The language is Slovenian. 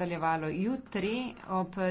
nadaljevalo jutri ob.